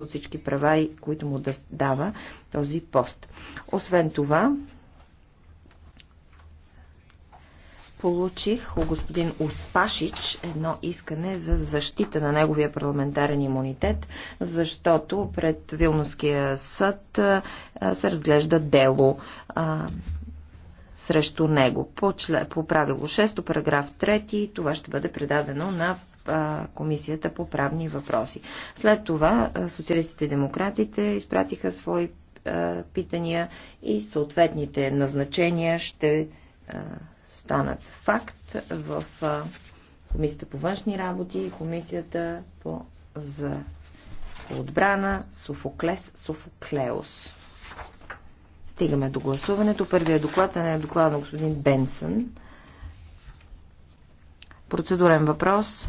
от всички права, които му дава този пост. Освен това, получих у господин Успашич едно искане за защита на неговия парламентарен имунитет, защото пред Вилнуския съд се разглежда дело срещу него. По, по правило 6, параграф 3, това ще бъде предадено на Комисията по правни въпроси. След това социалистите и демократите изпратиха свои питания и съответните назначения ще станат факт в Комисията по външни работи и Комисията по за отбрана Софоклес Софоклеос. Стигаме до гласуването. Първият доклад е доклад на господин Бенсън. Процедурен въпрос.